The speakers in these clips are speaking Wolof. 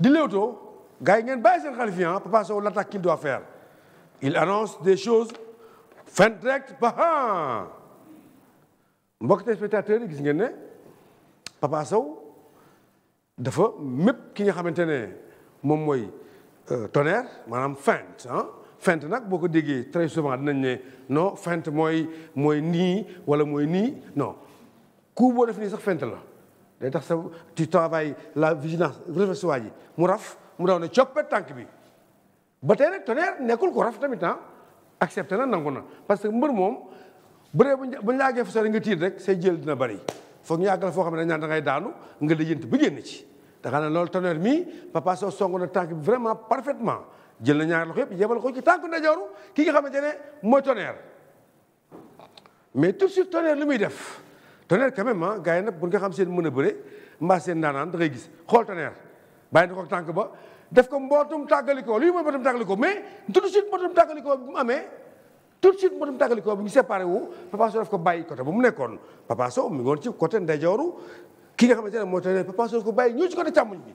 di Leewtoo gars yi ngeen bàyyi seen xel fii ah Papa Sow l'attaque qu'il doit faire il annonce des choses fin direct bahan ah. mbokk téléspectateurs yi gis ngeen ne Papa Sow dafa mépp ki nga xamante ne moom mooy euh, tonnerre maanaam feinte ah feinte nag boo ko déggee très souvent dinañ ne non feinte mooy mooy nii wala mooy nii non coup boo def nii sax feinte la day tax sa tu travailles la vigilance reflexe waa ji mu raf mu daw ne coppe tànk bi ba tey rek tonnerre nekkul ko raf tamit ah accepté na nangu na parce que mbër moom bu dee bu ñu laagee fa sori nga tiit rek se jël dina bari foog ñu àggal foo xam ne dañ naan da ngay daanu nga lijjanti bu génn ci. da nga ne loolu tonnerre mi Papa Sow song na tànk bi vraiment parfaitement jël na ñaari loxo yëpp yebal ko ci tànk ndeyjooru ki nga xamante ne mooy tonnerre mais tout de lu muy def. Tonnerre quand même ah gars yi nag nga xam seen mën a bëre mbaa seen ndaanaan da ngay gis xool Tonnerre bàyyi na ko tànk ba def ko mbootum tàggalikoo lii mooy mbootum tàggalikoo mais tout de suite mbootum tàggalikoo bi mu amee tout de suite mbootum tàggalikoo bi mu séparé wu Papa Sow daf ko bàyyi côté bu mu nekkoon Papa Sow mi ngi woon ci côté ndeyjooru ki nga xamante ne mooy Tonnerre Papa Sow daf ko bàyyi ñëw ci côté càmmoñ bi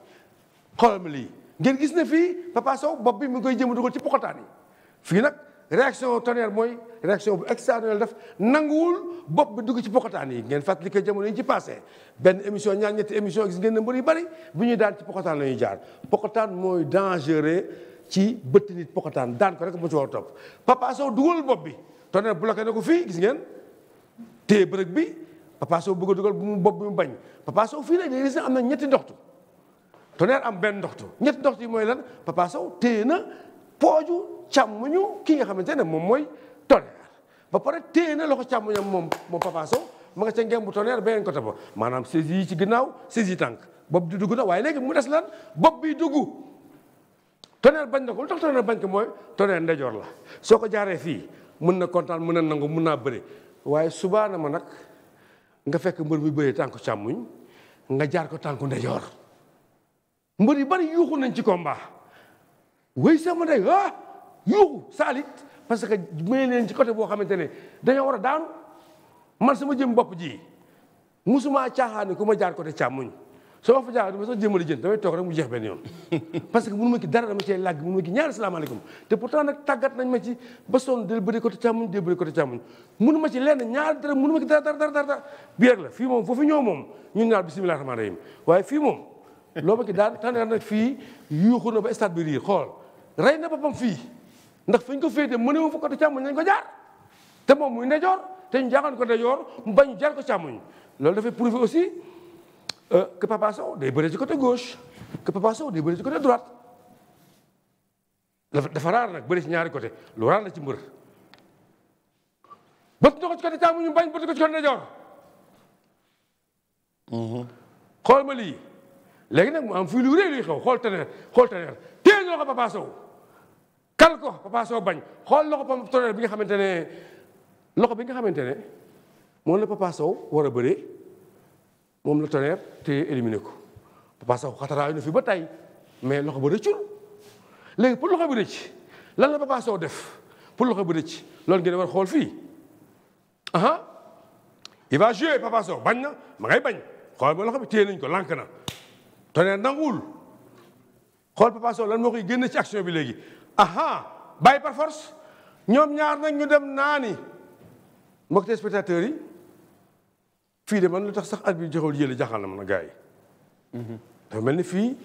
xoolal lii ngeen gis na fii Papa Sow bopp bi mu ngi koy jëm dugal ci poxotaan fii nag réaction Tonnerre mooy réaction bu extraordinaire def nanguwul bopp bi dugg ci pokotaan yi ngeen fàttali ko jamono yi ci passé benn émission ñaar ñetti émission gis ngeen ne mbër yu bu ñuy daan ci pokotaan la ñuy jaar pokotaan mooy dangereux ci bëtt nit pokotaan daan ko rek mu ci war topp Papa Sow dugal bopp bi Tonnerre bloqué na ko fii gis ngeen téye bërëg bi Papa Sow bëgg a bu mu bopp bi mu bañ Papa Sow fii nag day gis ne am na ñetti ndoxtu Tonnerre am benn ndoxtu ñetti ndoxtu yi mooy lan Papa Sow na pooju mu ñu kii nga xamante ne moom mooy Tonnerre ba pare téye na loxo càmmuñam moom moom Papa Sow ma nga ca ngem bu Tonnerre beneen côté ba maanaam saisi yi ci ginnaaw saisi tànk bopp di dugg na waaye léegi mu des lan bopp bi dugg Tonnerre bañ na ko lu tax Tonnerre bañ ko mooy Tonnerre ndejoor la soo ko jaaree fii mën na kontaan mën na nangu mën naa bëri waaye subaana ma nag nga fekk mbër muy bëree tànku càmmuñ nga jaar ko tànku ndejoor mbër yu bari yuuxu nañ ci combat wéy sama ah! yuuxu saalit parce que may leen ci côté boo xamante ne dañoo war a daanu man sama jëm bopp ji musuma caaxaan ku ma jaar côté càmmuñ soo ma jaar dama sax jéem a jën toog rek mu jeex benn yoon parce que ma ki dara dama cee làgg mënu ma ki ñaari salaamaaleykum te pourtant nag tàggat nañ ma ci ba sonn del bëri côté càmmuñ del bëri côté càmmuñ mënu ma ci lenn dara ma ki dara dara dara dara bi rek la fii moom foofu ñëw moom ñun ñaar bisimilah rahmaan rahim waaye fii moom loo ma ki daan tànn nag fii yuuxu na ba stade bi riir xool rey na boppam fii ndax fu ñu ko féetee mënewu fa côté càmmoñ nañ ko jaar te moom muy ndejoor te ñu jaaxal ko ndejoor mu bañ jaar ko càmmoñ loolu dafay prouver aussi euh, que Papa Sow day bëree ci côté gauche que Papa Sow day bëree ci côté droite dafa dafa raar nag bëri ci ñaari côté lu raar la ci mbër bët na ko ci côté càmmoñ bañ bët ko ci côté ndejoor mm-hmm. xool ma lii léegi nag mu am fii lu rëy luy xew xool Tonnerre xool Tonnerre téye ñoo ko Papa Sow kal ko Papa Sow bañ xool loxo Papa Tonnerre bi nga xamante ne loxo bi nga xamante ne moom la Papa Sow war moom la Tonnerre te éliminé ko Papa Sow xataraayu na fi ba tey mais loxo ba rëccul léegi pour loxo bi rëcc lan la Papa Sow pour loxo bi rëcc loolu ngeen war xool fii aha il va jouer Papa bañ na ma ngay bañ xool ba loxo bi téye nañ ko lànk na Tonnerre nanguwul xool Papa Sow lan moo koy génne ci action bi léegi aha bàyyi par ñoom ñaar nag ñu dem naani mbokk te spectateurs yi fii de man lu tax sax at bi joxul yële jaxal na ma gars yi. Mhm. dafa mel ni fii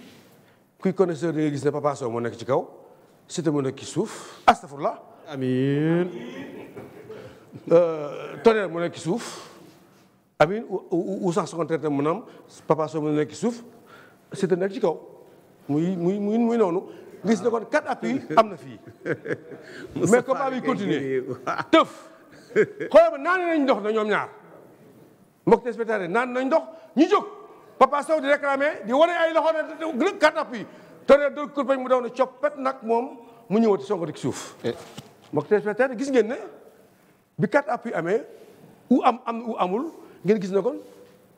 kuy connaisseur da nga gis ne Papa Sow moo nekk ci kaw Siteu mu nekk ci suuf astafurlah. amiin euh, Tonnerre mu nekk ci suuf. amiin ou sax su mu naam Papa Sow nekk ci suuf Siteu nekk ci kaw muy muy muy muy noonu. gis na kon quatre appuis am na fii. mais combat bi continuer tëf xoolal ma naan nañ ndox na ñoom ñaar mbokk téléspectateur naan nañ ndox ñu jóg Papa Sow di réclamer di wane ay loxo ne gën quatre appuis tonnerre dóor kurpañ mu daw ne coppet nag moom mu ñëwati sonko dik suuf eh. mbokk téléspectateur gis ngeen ne bi quatre appuis amee u am am u amul ngeen gis na kon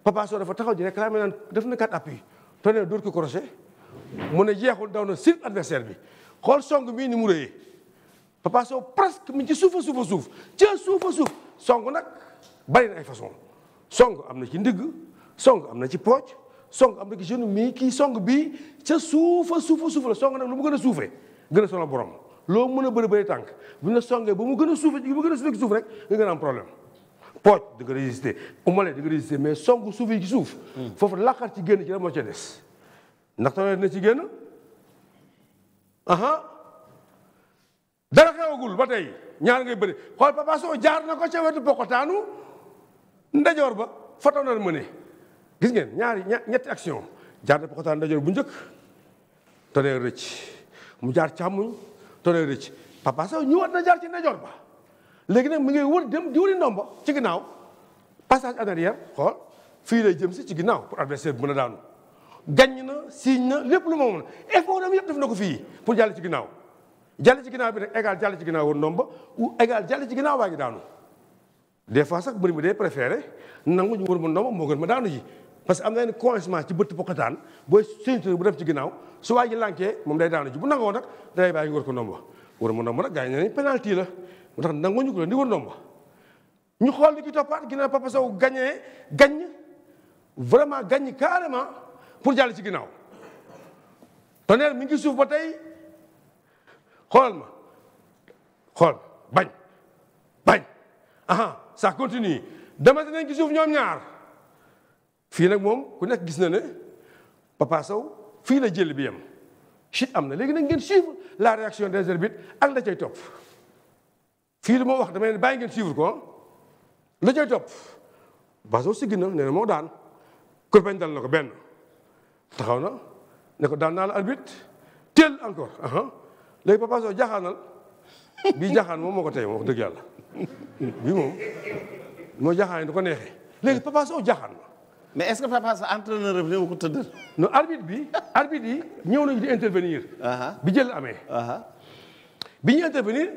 Papa Sow dafa taxaw di réclamer naan def na quatre appuis tonnerre dóor ko crochet mu ne jeexul daw na sur adversaire bi xool song bii ni mu rëyee Papa Sow presque mi ci suufa suufa suuf ca suufa suuf song nag bari na ay façon song am na ci ndigg song am na ci pooc song am na ci jeune mii kii song bii ca suufa suufa suuf la song nag lu mu gën a suufee gën a sonal borom loo mun a bëri bëri tànk bu ñu songee ba mu gën a suufe bu mu gën a suufee suuf rek nga gën a am problème pooj di nga résister umale di nga résister mais song suuf yi ci suuf hmm. foofu laqar ci génn ci la moo ca des ndax nawet na ci génn aha dara xewagul ba tey ñaar ngay bëri xool Papa Sow jaar na ko ca wetu pokotaanu ndajoor ba foto na mëne gis ngeen ñaari ñetti action jaar na pokotaanu ndajoor bu njëkk tonneer rëcc mu jaar càmmuñ tonneer rëcc Papa Sow ñu wat na jaar ci ndajoor ba léegi nag mu ngi wër dem di wëri ndomba ci ginnaaw passage en arrière xool fii lay jëm si ci ginnaaw pour adversaire bi mën daanu gañ na siiñ na lépp lu ma mën effort dam yëpp def na ko fii pour jàll ci ginnaaw jàll ci ginnaaw bi ne égal jàll ci ginnaaw woon ndomba ou égal jàll ci ginnaaw waa ngi daanu des fois sax bëri bi day préféré nangu ñu wër ma ndomba moo gën ma daanu ji parce que am na ne commencement ci bëtt pokataan booy séentu bu dem ci ginnaaw su waa ji lànkee moom day daanu ji bu nangoo nag day bàyyi ñu wër ko ndomba wër ma ndomba nag gars yi ne penalty la tax nangu ñu ko la di wër ndomba ñu xool li ki toppaat ginnaaw Papa Sow gagné gañ vraiment gañ carrément pour jàll ci ginnaaw Tonnerre mi ngi suuf ba tey xool ma xool bañ bañ aha ça continue demati nañ ci suuf ñoom ñaar fii nag moom ku nekk gis na ne Papa Sow fii la jël bi yem chute am na léegi nag ngeen suivre la réaction des arbitres ak la cay topp fii lu moo wax dama leen bàyyi ngeen suivre ko la cay topp Papa Sow sigg na nee na moo daan kurpeñ dal na ko benn taxaw na ne ko daan naal la arbitre teel encore aha léegi papa Sow jaaxaanal bii jaaxaan moom moo ko tey moom dëgg yàlla bii moom moo jaaxaan du ko neexee léegi papa Sow na mais est-ce que papa Sow entraîneur bi ñëw ko tëddal non arbitre bi arbitre yi ñëw nañu di intervenir bi jël amee bi ñu intervenir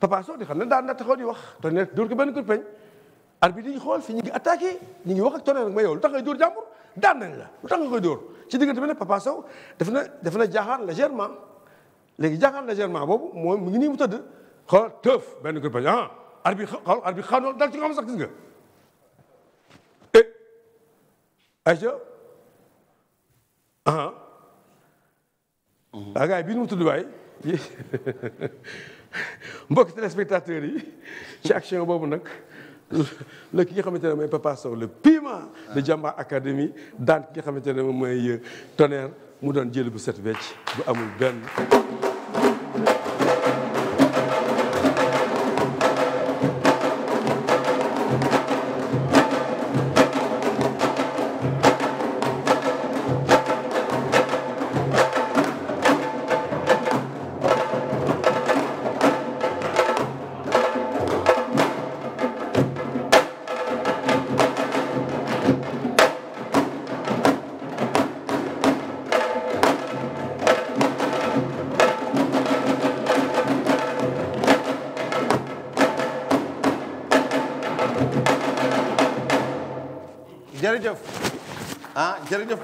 papa Sow di xam ne daan na taxaw di wax te ne dóor ko benn kur peñ arbitre yi xool fi ñu ngi attaqué ñu ngi wax ak Tonnerre ma yow lu tax ngay dóor daan nañ la lu tax nga koy ci diggante bi nag Papa Sow def na def na jaaxaan légèrement léegi jaaxaan légèrement boobu mooy mu ngi nii mu tëdd xool tëf benn groupe ah arbitre xool arbitre xaanool dal ci nga xam sax gis nga e eh, ayca ah waa ah, gars yi bii mu tudd waay mbokki téléspectateurs yi ci action boobu nag la ki nga xamante ne mooy Papa Sow le piment de Jamba Academy daan ki nga xamante ne mooy tonnerre mu doon jël bu set wecc bu amul benn jërëjëf ah jërëjëf